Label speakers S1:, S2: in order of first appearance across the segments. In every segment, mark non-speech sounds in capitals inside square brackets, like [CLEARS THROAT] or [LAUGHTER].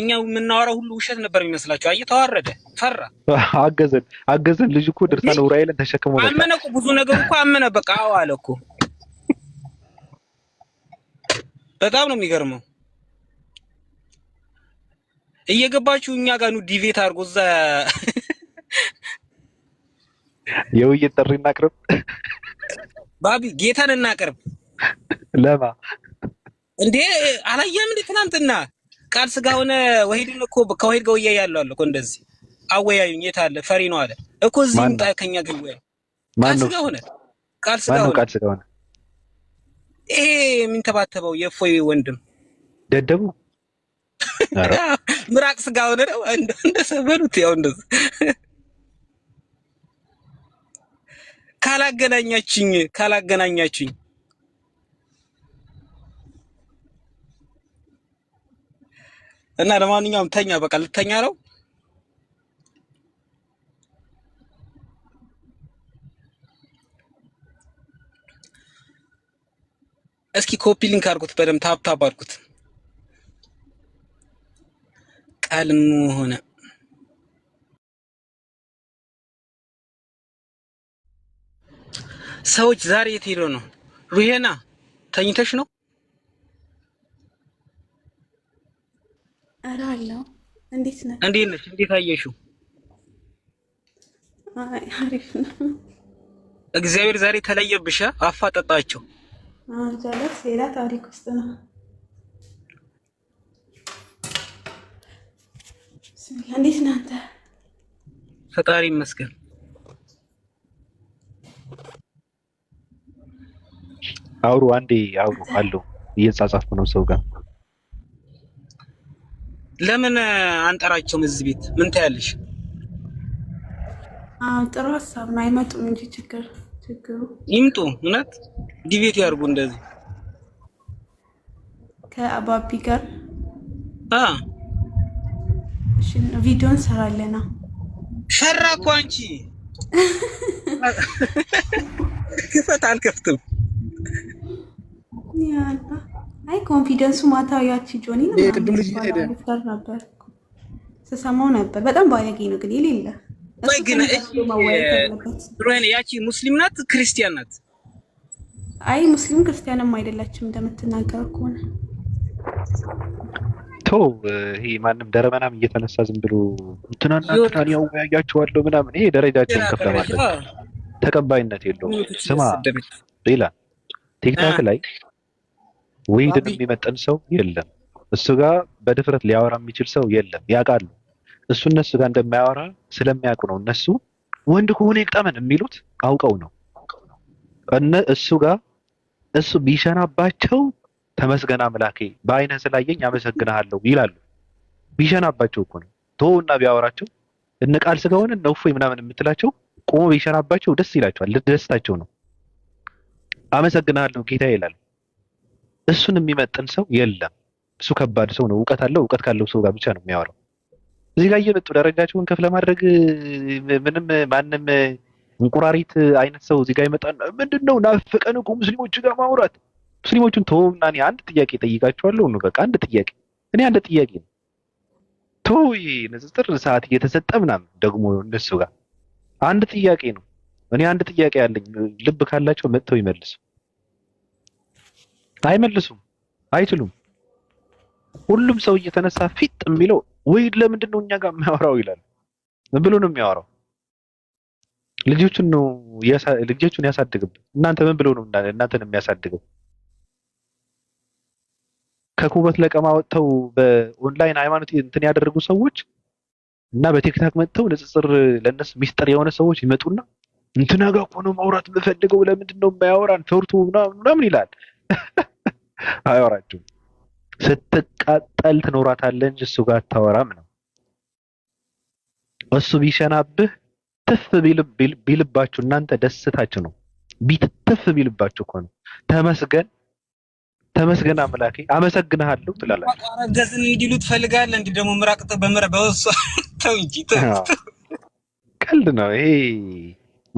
S1: እኛ የምናወራው ሁሉ ውሸት ነበር የሚመስላቸው። አየህ ተዋረደ፣ ፈራ።
S2: አገዘን አገዘን። ልጅ እኮ ድርሳነ ዑራኤልን ተሸክሞ
S1: አመነ እኮ ብዙ ነገር እኮ አመነ። በቃ አዎ አለ እኮ። በጣም ነው የሚገርመው። እየገባችሁ እኛ ጋር ኑ ዲቬት አድርጎ እዛ
S2: የውይይት ጥሪ እናቅርብ።
S1: ባቢ ጌታን እናቅርብ። ለማ እንዴ አላየህም እንዴ ትናንትና ቃል ስጋ ሆነ ወሂድን እኮ ከወሂድ ጋር እያያለሁ አለ እኮ እንደዚህ አወያዩኝ የት አለ ፈሪ ነው አለ እኮ እዚህ ምጣ ከኛ ጋር ይወያዩ ቃል ስጋ ሆነ
S2: ቃል ስጋ ሆነ ቃል ስጋ ሆነ
S1: ይሄ የሚንተባተበው የእፎይ ወንድም ደደቡ [LAUGHS] ምራቅ ስጋ ሆነ ነው እንደሰበሉት ያው እንደዚ ካላገናኛችኝ ካላገናኛችኝ እና ለማንኛውም ተኛ፣ በቃ ልተኛ ነው። እስኪ ኮፒ ሊንክ አድርጉት፣ በደምብ ታፕ ታፕ አድርጉት። ቃልም ሆነ ሰዎች ዛሬ የት ሄዶ ነው? ሩሄና ተኝተሽ ነው?
S3: ኧረ አለው። እንዴት ነህ?
S1: እንዴት ነሽ? እንዴት አየሽው?
S3: አይ አሪፍ ነው።
S1: እግዚአብሔር ዛሬ ተለየብሽ። አፋጠጣቸው
S3: አንጀለስ ሌላ ታሪክ ውስጥ ነው። እንዴት ነህ አንተ?
S1: ፈጣሪ ይመስገን።
S2: አውሩ አንዴ አውሩ አለው። እየጻጻፍኩ ነው ሰው ጋር
S1: ለምን አንጠራቸውም? እዚህ ቤት ምን ታያለሽ?
S3: ጥሩ ሀሳብ ነው። አይመጡም እንጂ ችግር ችግሩ
S1: ይምጡ። እውነት ዲቤት ያርጉ እንደዚህ
S3: ከአባቢ ጋር ቪዲዮ እንሰራለና
S1: ሸራ እኮ አንቺ [LAUGHS]
S2: ክፈት አልከፍትም
S3: አይ ኮንፊደንሱ ማታ ያቺ ጆኒ
S2: ቅድም ልጅ ነበር
S3: ስሰማው ነበር። በጣም ባለጌ ነው ግን የሌለ
S1: ግን ሮይን ያቺ ሙስሊም ናት ክርስቲያን ናት?
S3: አይ ሙስሊም ክርስቲያንም አይደላችም እንደምትናገር ከሆነ
S2: ቶ ይሄ ማንም ደረመናም እየተነሳ ዝም ብሎ እንትናና እንትናን ያወያያቸዋለሁ ምናምን ይሄ ደረጃቸውን ከፍ ለማለት ተቀባይነት የለውም። ስማ ሌላ ቲክታክ ላይ ወሂድን የሚመጠን ሰው የለም። እሱ ጋር በድፍረት ሊያወራ የሚችል ሰው የለም። ያውቃሉ። እሱ እነሱ ጋር እንደማያወራ ስለሚያውቁ ነው። እነሱ ወንድ ከሆነ ይቅጠመን የሚሉት አውቀው ነው። እሱ ጋር እሱ ቢሸናባቸው ተመስገና ምላኬ በአይነ ስላየኝ አመሰግናለሁ ይላሉ። ቢሸናባቸው እኮ ነው ቶና ቢያወራቸው እነ ቃል ስለሆነ ነው እፎይ ምናምን የምትላቸው ቆሞ ቢሸናባቸው ደስ ይላቸዋል። ደስታቸው ነው። አመሰግናለሁ ጌታ ይላል። እሱን የሚመጥን ሰው የለም። እሱ ከባድ ሰው ነው። እውቀት አለው። እውቀት ካለው ሰው ጋር ብቻ ነው የሚያወራው። እዚህ ጋር እየመጡ ደረጃቸውን ከፍ ለማድረግ ምንም ማንም እንቁራሪት አይነት ሰው እዚህ ጋር ይመጣ ምንድን ነው ናፍቀን እኮ ሙስሊሞች ጋር ማውራት። ሙስሊሞቹን ተወውና አንድ ጥያቄ ጠይቃቸዋለሁ ነው በቃ። አንድ ጥያቄ እኔ አንድ ጥያቄ ነው ተው። ንጽጽር ሰዓት እየተሰጠ ምናምን ደግሞ እነሱ ጋር አንድ ጥያቄ ነው። እኔ አንድ ጥያቄ አለኝ። ልብ ካላቸው መጥተው ይመልሱ። አይመልሱም፣ አይችሉም። ሁሉም ሰው እየተነሳ ፊጥ የሚለው ወይ ለምንድን ነው እኛ ጋር የሚያወራው ይላል ብሎ ነው የሚያወራው። ልጆቹን ነው ልጆቹን ያሳድግብን። እናንተ ምን ብሎ ነው እናንተን የሚያሳድገው? ከኩበት ለቀማ ወጥተው በኦንላይን ሃይማኖት እንትን ያደረጉ ሰዎች እና በቲክታክ መጥተው ንጽጽር ለእነሱ ሚስጥር የሆነ ሰዎች ይመጡና እንትና ጋር እኮ ነው ማውራት የምፈልገው ለምንድን ነው የማያወራን? ፈርቱ ምናምን ይላል። አያወራችሁም። ስትቃጠል ትኖራታለህ እንጂ እሱ ጋር አታወራም ነው። እሱ ቢሸናብህ ትፍ ቢልባችሁ እናንተ ደስታችሁ ነው። ቢትፍ ቢልባችሁ እኮ ነው ተመስገን ተመስገን አምላኬ አመሰግንሃለሁ ትላላችሁ።
S1: አረገዝን እንዲሉ ትፈልጋለህ። እንዲህ ደግሞ ምራቅ በምራቅ በወሱ [LAUGHS] ተው እንጂ
S2: ቀልድ ነው ይሄ።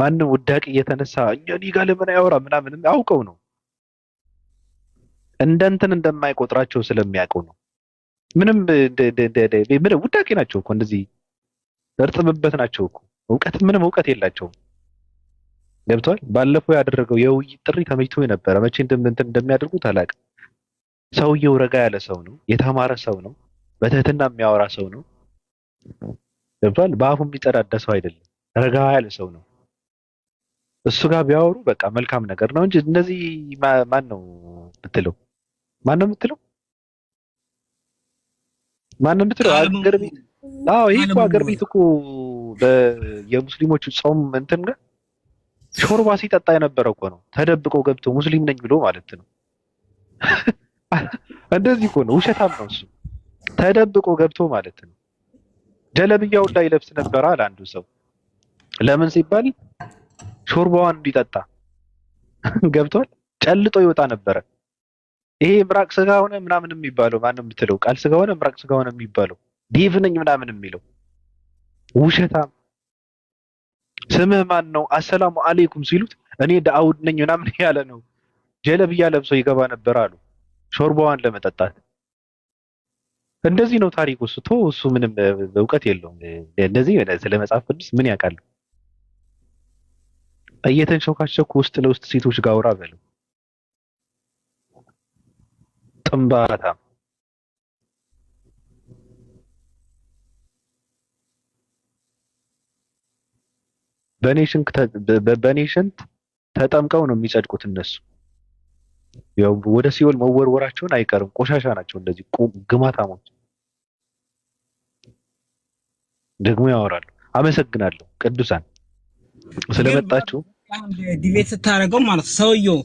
S2: ማንም ውዳቅ እየተነሳ እኛ እኔ ጋር ለምን አያወራ ምናምን አውቀው ነው እንደ እንትን እንደማይቆጥራቸው ስለሚያውቀው ነው። ምንም ውዳቄ ናቸው እኮ እንደዚህ እርጥብበት ናቸው እኮ እውቀት ምንም እውቀት የላቸውም። ገብቷል። ባለፈው ያደረገው የውይይት ጥሪ ተመችቶ የነበረ መቼ እንደምንትን እንደሚያደርጉት አላውቅም። ሰውየው ረጋ ያለ ሰው ነው፣ የተማረ ሰው ነው፣ በትህትና የሚያወራ ሰው ነው። ገብቷል። በአፉ የሚጸዳዳ ሰው አይደለም፣ ረጋ ያለ ሰው ነው። እሱ ጋር ቢያወሩ በቃ መልካም ነገር ነው እንጂ እነዚህ ማን ነው ብትለው ማን ነው የምትለው? ማን ነው የምትለው? አገር ቤት አዎ፣ ይሄ እኮ አገር ቤት እኮ የሙስሊሞቹ ጾም እንትን ጋር ሾርባ ሲጠጣ የነበረ እኮ ነው። ተደብቆ ገብቶ ሙስሊም ነኝ ብሎ ማለት ነው። [LAUGHS] እንደዚህ እኮ ነው። ውሸታም ነው እሱ። ተደብቆ ገብቶ ማለት ነው። ጀለብያው ላይ ለብስ ነበር አለ አንዱ ሰው። ለምን ሲባል ሾርባዋን እንዲጠጣ [LAUGHS] ገብቷል። ጨልጦ ይወጣ ነበረ። ይሄ ምራቅ ስጋ ሆነ ምናምን የሚባለው ማነው የምትለው ቃል ስጋ ሆነ ምራቅ ስጋ ሆነ የሚባለው ዲቭ ነኝ ምናምን የሚለው ውሸታም። ስምህ ማን ነው? አሰላሙ አሌይኩም ሲሉት እኔ ዳአውድ ነኝ ምናምን [LAUGHS] ያለ ነው። ጀለብያ ለብሶ ይገባ ነበር አሉ ሾርባዋን ለመጠጣት። እንደዚህ ነው ታሪኩ። ቶ እሱ ምንም እውቀት የለውም። እንደዚህ ስለ መጽሐፍ ቅዱስ ምን ያውቃሉ? እየተንሸካሸኩ ውስጥ ለውስጥ ሴቶች ጋውራ በለው። ግንባታ በኔ ሽንት ተጠምቀው ነው የሚጸድቁት። እነሱ ያው ወደ ሲኦል መወርወራቸውን አይቀርም። ቆሻሻ ናቸው። እንደዚህ ግማታሞች ደግሞ ያወራሉ። አመሰግናለሁ ቅዱሳን ስለመጣችሁ
S1: ዲቤት ስታደርገው ማለት ሰውየው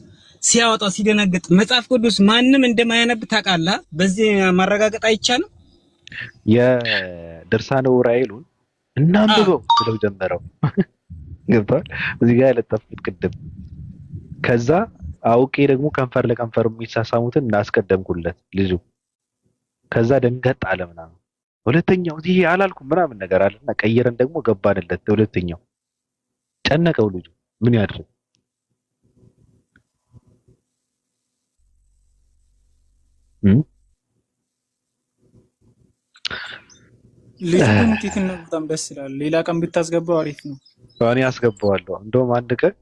S1: ሲያወጣ ሲደነግጥ መጽሐፍ ቅዱስ ማንም እንደማያነብ ታውቃለህ። በዚህ ማረጋገጥ አይቻልም።
S2: የድርሳነ ዑራኤሉን እናንብበው ብለው ጀመረው። [LAUGHS] ገባል እዚህ ጋር ያለጠፉት ቅድም ከዛ አውቄ ደግሞ ከንፈር ለከንፈር የሚሳሳሙትን እናስቀደምኩለት ልጁ ከዛ ደንገጥ አለ ምናምን። ሁለተኛው ይሄ አላልኩም ምናምን ነገር አለና ቀየረን ደግሞ ገባንለት። ሁለተኛው ጨነቀው ልጁ ምን ያድርግ?
S1: ልጅም hmm? ቲትን ነው በጣም ደስ ይላል። ሌላ ቀን ብታስገባው አሪፍ ነው።
S2: እኔ አስገባዋለሁ። እንደውም አንድ ቀን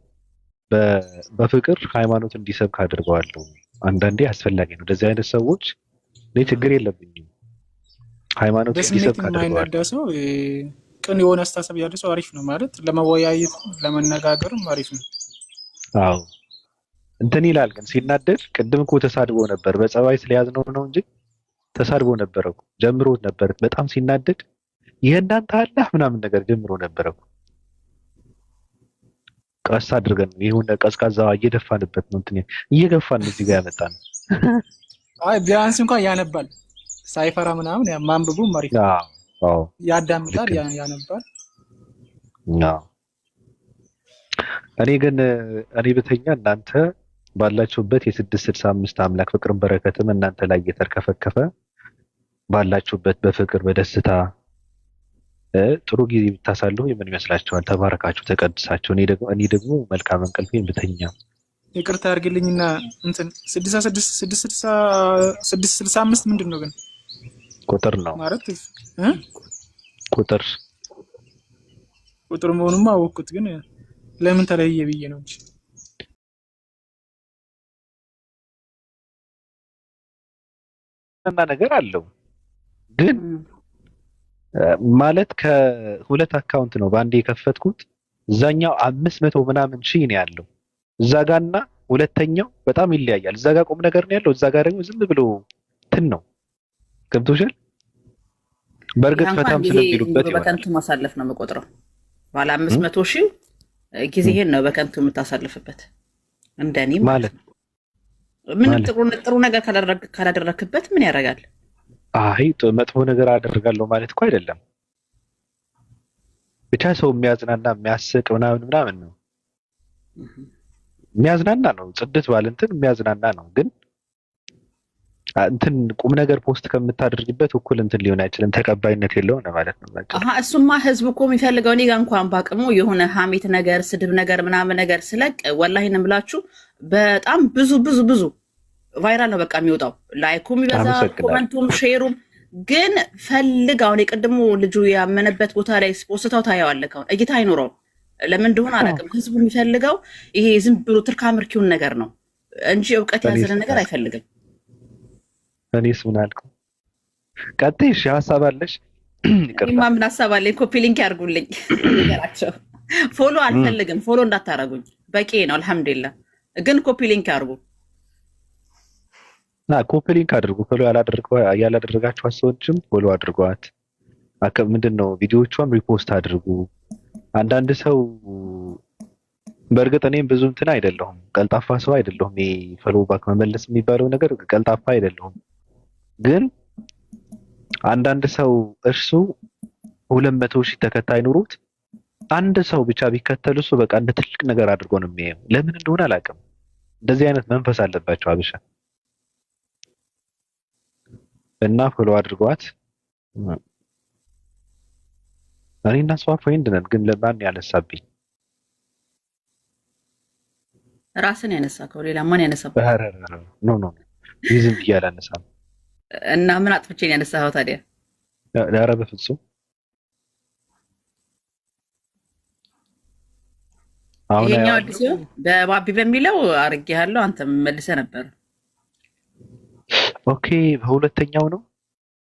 S2: በፍቅር ሃይማኖት እንዲሰብክ አድርገዋለሁ። አንዳንዴ አስፈላጊ ነው። እንደዚህ አይነት ሰዎች እኔ ችግር የለብኝም። ሃይማኖት እንዲሰብክ አድርገዋለሁ።
S1: ሰው ቅን የሆነ አስተሳሰብ ያለ ሰው አሪፍ ነው ማለት ለመወያየት ለመነጋገርም አሪፍ ነው።
S2: አዎ እንትን ይላል ግን ሲናደድ፣ ቅድም እኮ ተሳድቦ ነበር። በፀባይ ስለያዝ ነው ነው እንጂ ተሳድቦ ነበረ ጀምሮ ነበር። በጣም ሲናደድ የእናንተ አላህ ምናምን ነገር ጀምሮ ነበረ። ቀስ አድርገን ይሁን ቀዝቃዛ እየደፋንበት ነው እንትን እየገፋን እዚህ ጋር ያመጣ ነው [LAUGHS]
S1: አይ ቢያንስ እንኳን ያነባል ሳይፈራ ምናምን ማንብቡ መሪ ያዳምጣል፣ ያነባል።
S2: እኔ ግን እኔ ብተኛ እናንተ ባላችሁበት የስድስት ስድሳ አምስት አምላክ ፍቅርን በረከትም እናንተ ላይ እየተርከፈከፈ ባላችሁበት በፍቅር በደስታ ጥሩ ጊዜ ብታሳልፉ የምን ይመስላችኋል? ተባረካችሁ፣ ተቀድሳችሁ። እኔ ደግሞ መልካም እንቅልፍ ብተኛ
S1: ይቅርታ ያርግልኝና እንትን ስድስት ስልሳ አምስት ምንድን ነው ግን? ቁጥር ነው ማለት ቁጥር ቁጥር መሆኑማ አወቅኩት፣ ግን ለምን ተለየ ብዬ ነው እንጂ
S2: እና ነገር አለው ግን ማለት ከሁለት አካውንት ነው በአንዴ የከፈትኩት። እዛኛው አምስት መቶ ምናምን ሺህ ነው ያለው እዛ ጋና ሁለተኛው በጣም ይለያያል። እዛ ጋ ቁም ነገር ነው ያለው፣ እዛ ጋ ደግሞ ዝም ብሎ ትን ነው ገብቶሻል። በእርግጥ ፈታም ስለሚሉበት
S4: በከንቱ ማሳለፍ ነው የምቆጥረው። ባለ አምስት መቶ ሺህ ጊዜህን ነው በከንቱ የምታሳልፍበት እንደኔ ማለት ነው። ምንም ጥሩ ነገር ካላደረክበት ምን ያደርጋል?
S2: አይ መጥፎ ነገር አደርጋለሁ ማለት እኮ አይደለም። ብቻ ሰው የሚያዝናና የሚያስቅ ምናምን ምናምን ነው የሚያዝናና ነው ጽድት ባልንትን እንትን የሚያዝናና ነው ግን እንትን ቁም ነገር ፖስት ከምታደርግበት እኩል እንትን ሊሆን አይችልም፣ ተቀባይነት የለው ነው ማለት ነው።
S1: እሱማ ህዝብ እኮ የሚፈልገው እኔ ጋ እንኳን ባቅሙ የሆነ ሀሜት ነገር፣ ስድብ ነገር፣ ምናምን ነገር ስለቅ ወላሂን ብላችሁ በጣም ብዙ ብዙ ብዙ ቫይራል ነው በቃ የሚወጣው፣ ላይኩም ይበዛ፣ ኮመንቱም ሼሩም ግን ፈልግ አሁን የቅድሞ ልጁ ያመነበት ቦታ ላይ ፖስታው ታየዋለህ። አሁን እይታ አይኖረውም። ለምን እንደሆነ አላውቅም። ህዝቡ የሚፈልገው ይሄ ዝም ብሎ ትርካምርኪውን ነገር ነው እንጂ እውቀት ያዘለ ነገር አይፈልግም።
S2: እኔስ ምን አልከው? ቀጥይ። እሺ ሀሳብ አለሽ?
S1: [CLEARS THROAT] እኔማ ምን ሀሳብ አለኝ? ኮፒ ሊንክ ያርጉልኝ ነገራቸው። ፎሎ አልፈልግም፣ ፎሎ እንዳታረጉኝ በቂ ነው። አልሐምዱሊላህ። ግን ኮፒ ሊንክ ያርጉ
S2: ና ኮፒ ሊንክ አድርጉ። ፎሎ ያላደረጋችኋት ሰዎችም ፎሎ አድርጓት። ምንድን ነው ቪዲዮቿም ሪፖስት አድርጉ። አንዳንድ ሰው በእርግጥ እኔም ብዙ እንትን አይደለሁም፣ ቀልጣፋ ሰው አይደለሁም። ፎሎ ባክ መመለስ የሚባለው ነገር ቀልጣፋ አይደለሁም። ግን አንዳንድ ሰው እርሱ ሁለት መቶ ሺህ ተከታይ ኑሮት አንድ ሰው ብቻ ቢከተል እሱ በቃ እንደ ትልቅ ነገር አድርጎ ነው የሚያየው። ለምን እንደሆነ አላውቅም። እንደዚህ አይነት መንፈስ አለባቸው አብሻ እና ፎሎ አድርጓት። እኔ እና ሷ ፍሬንድ ነን፣ ግን ለማን ያነሳብኝ?
S1: ራስን ያነሳከው ሌላ ማን ያነሳብኝ?
S2: ኖ ኖ ይዝም ብዬ አላነሳም።
S1: እና ምን አጥፍቼ ነው ያነሳኸው ታዲያ? ኧረ በፍጹም ይሄኛው አዲስ በባቢ በሚለው አድርጌሃለሁ። አንተም መልሰህ ነበር።
S2: ኦኬ በሁለተኛው ነው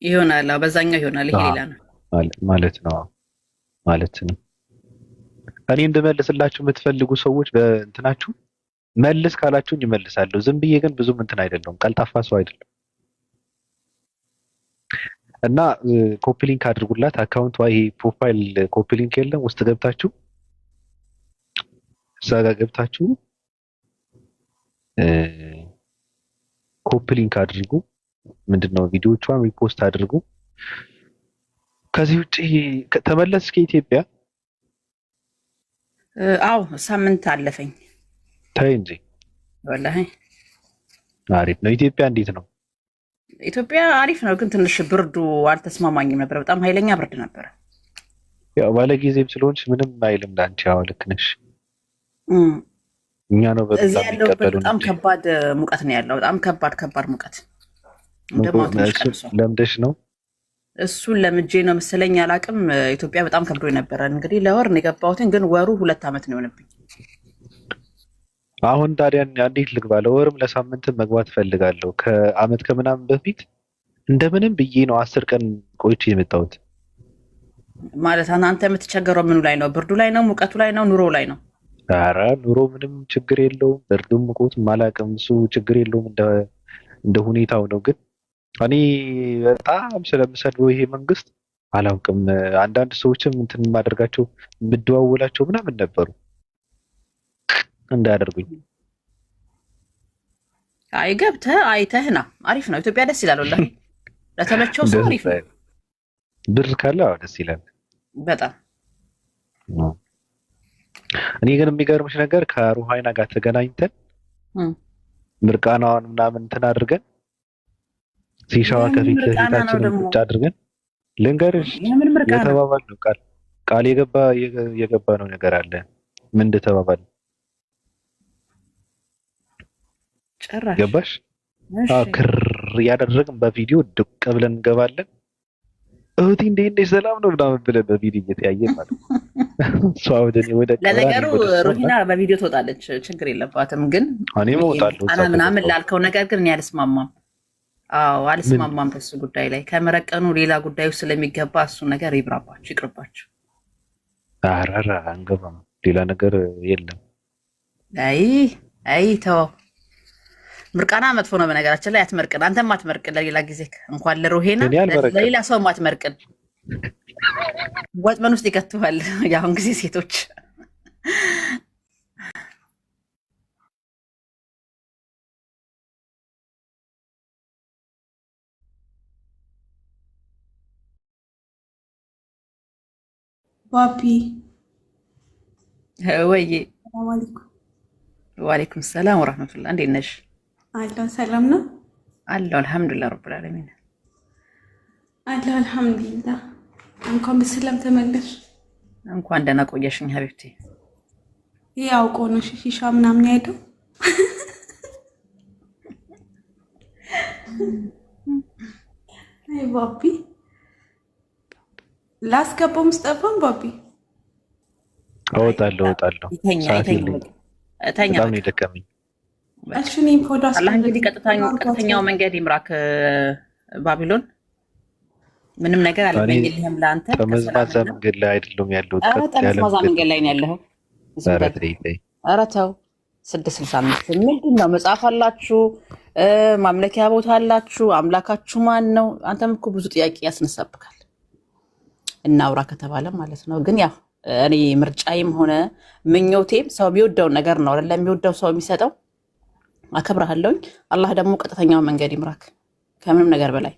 S1: ይሆናል። አዎ በዛኛው ይሆናል። ይሄ ሌላ ነው
S2: ማለት ነው ማለት ነው። እኔ እንድመልስላችሁ የምትፈልጉ ሰዎች በእንትናችሁ መልስ ካላችሁኝ እመልሳለሁ። ዝም ብዬ ግን ብዙም እንትን አይደለሁም፣ ቀልጣፋ ሰው አይደለሁም። እና ኮፒሊንክ አድርጉላት አካውንት ይሄ ፕሮፋይል ኮፒሊንክ የለም ውስጥ ገብታችሁ እዛ ጋር ገብታችሁ ኮፒሊንክ አድርጉ። ምንድነው ቪዲዮቿን ሪፖስት አድርጉ። ከዚህ ውጭ ተመለስ ከኢትዮጵያ
S1: አው ሳምንት አለፈኝ። ታይ እንጂ ወላሂ
S2: አሪፍ ነው። ኢትዮጵያ እንዴት ነው?
S1: ኢትዮጵያ አሪፍ ነው፣ ግን ትንሽ ብርዱ አልተስማማኝም ነበር። በጣም ኃይለኛ ብርድ ነበረ።
S2: ያው ባለ ጊዜም ስለሆንሽ ምንም አይልም ለአንቺ። ያው ልክ ነሽ።
S1: እኛ ነው በጣም የሚቀበሉ። በጣም ከባድ ሙቀት ነው ያለው። በጣም ከባድ ከባድ ሙቀት ለምደሽ ነው እሱን ለምጄ ነው መሰለኝ አላቅም። ኢትዮጵያ በጣም ከብዶ ነበረ። እንግዲህ ለወር ነው የገባሁትን፣ ግን ወሩ ሁለት ዓመት ነው የሆነብኝ።
S2: አሁን ታዲያን እንዴት ልግባ? ለወርም ለሳምንትም መግባት እፈልጋለሁ። ከአመት ከምናምን በፊት እንደምንም ብዬ ነው አስር ቀን ቆይቼ የመጣሁት።
S1: ማለት አንተ የምትቸገረው ምኑ ላይ ነው? ብርዱ ላይ ነው? ሙቀቱ ላይ ነው? ኑሮ ላይ ነው?
S2: አረ ኑሮ ምንም ችግር የለውም። ብርዱም ሙቀቱም አላውቅም። እሱ ችግር የለውም፣ እንደ ሁኔታው ነው። ግን እኔ በጣም ስለምሰድበው ይሄ መንግስት አላውቅም። አንዳንድ ሰዎችም እንትን የማደርጋቸው የምደዋወላቸው ምናምን ነበሩ እንዳያደርጉኝ።
S1: አይ ገብተህ አይተህ ና፣ አሪፍ ነው። ኢትዮጵያ ደስ ይላል። ወላሂ [LAUGHS] ለተመቸው ሰው አሪፍ ነው።
S2: ብር ካለ ደስ ይላል በጣም። እኔ ግን የሚገርምሽ ነገር ከሩሃይና ጋር ተገናኝተን ምርቃናዋን ምናምን እንትን አድርገን ሲሻዋ ከፊት ለፊታችን ቁጭ አድርገን ልንገርሽ የተባባል ነው ቃል ቃል የገባ የገባ ነው ነገር አለ ምን እንደተባባል ጭራሽ ገባሽ? ክር እያደረግን በቪዲዮ ድቅ ብለን እንገባለን። እህቲ እንዴት ነሽ ሰላም ነው ምናምን ብለን በቪዲዮ እየተያየ ማለት ነው።
S1: ለነገሩ ሩሂና በቪዲዮ ትወጣለች፣ ችግር የለባትም። ግን
S2: እኔ እወጣለሁ
S1: ምናምን ላልከው ነገር ግን እኔ አልስማማም። አዎ አልስማማም። በሱ ጉዳይ ላይ ከመረቀኑ ሌላ ጉዳዩ ስለሚገባ እሱ ነገር ይብራባችሁ፣ ይቅርባችሁ።
S2: አራራ አንገባም። ሌላ ነገር የለም።
S1: አይ አይ ተወው ምርቃና መጥፎ ነው በነገራችን ላይ አትመርቅን። አንተም አትመርቅን። ለሌላ ጊዜ እንኳን ለሮሄና ለሌላ ሰውም አትመርቅን። ወጥመን ውስጥ ይከትባል። የአሁን ጊዜ ሴቶች ፓፒ ወይ፣ ዋሌኩም ሰላም ወራህመቱላ እንዴት ነሽ?
S3: አለሁ ሰላም ነው
S1: አለሁ። አልሐምዱሊላህ ረብል ዓለሚን
S3: አለሁ። አልሐምዱሊላህ እንኳን በሰላም ተመለሽ።
S1: እንኳን ደህና ቆየሽኝ ሀቢብቲ።
S3: ይህ አውቆ ነው ሺሻ ምናምን ያሄደው ባቢ ላስገባው ምስጠፋም ባቢ
S2: እወጣለሁ እወጣለሁ። በጣም ነው የደከመኝ
S1: አላህ እንግዲህ ቀጥተኛው መንገድ ይምራክ። ባቢሎን ምንም ነገር አልመኝልህም ለአንተ።
S2: ጠመዝማዛ መንገድ ላይ አይደለም ያለሁት፣
S1: ጠመዝማዛ መንገድ ላይ ነው ያለኸው። ኧረ ተው። ስድስት ስልሳ አምስት ምንድን ነው መጽሐፍ አላችሁ፣ ማምለኪያ ቦታ አላችሁ፣ አምላካችሁ ማን ነው? አንተም እኮ ብዙ ጥያቄ ያስነሳብካል። እናውራ ከተባለ ማለት ነው። ግን ያው እኔ ምርጫዬም ሆነ ምኞቴም ሰው የሚወደውን ነገር ነው ለሚወደው ሰው የሚሰጠው አከብረሃለውኝ። አላህ ደግሞ ቀጥተኛው መንገድ ይምራክ ከምንም ነገር በላይ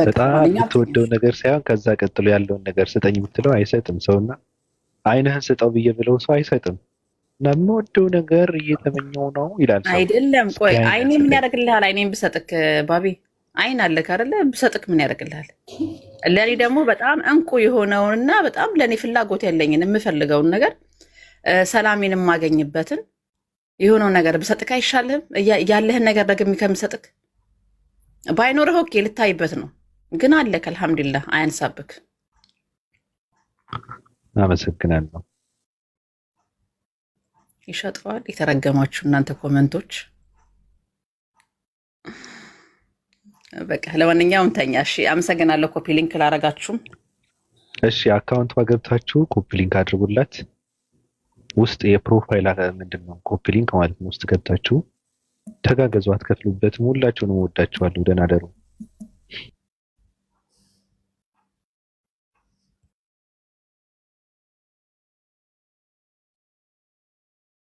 S2: በጣም የምትወደው ነገር ሳይሆን ከዛ ቀጥሎ ያለውን ነገር ስጠኝ ብትለው አይሰጥም። ሰውና አይንህን ስጠው ብዬ ብለው ሰው አይሰጥም። እና የምወደው ነገር እየተመኘው ነው
S1: ይላል። አይደለም ቆይ አይኔ ምን ያደርግልሃል? አይኔን ብሰጥክ ባቢ አይን አለክ አደለ? ብሰጥክ ምን ያደርግልሃል? ለእኔ ደግሞ በጣም እንቁ የሆነውንና በጣም ለእኔ ፍላጎት ያለኝን የምፈልገውን ነገር ሰላሜን የማገኝበትን የሆነውን ነገር ብሰጥክ አይሻልህም? ያለህን ነገር ደግሜ ከምሰጥክ ባይኖርህ ኦኬ ልታይበት ነው፣ ግን አለክ። አልሐምዱሊላህ አያንሳብክ።
S2: አመሰግናለሁ።
S1: ይሸጠዋል። የተረገማችሁ እናንተ ኮመንቶች በቃ ለማንኛውም ተኛ። እሺ፣ አመሰግናለሁ። ኮፒ ሊንክ ላረጋችሁም።
S2: እሺ፣ አካውንት ገብታችሁ ኮፒ ሊንክ አድርጉላት። ውስጥ የፕሮፋይል ምንድን ነው ኮፒ ሊንክ ማለት ነው። ውስጥ ገብታችሁ ተጋገዙ፣ አትከፍሉበትም። ሁላችሁንም ወዳችኋለሁ። ደህና ደሩ።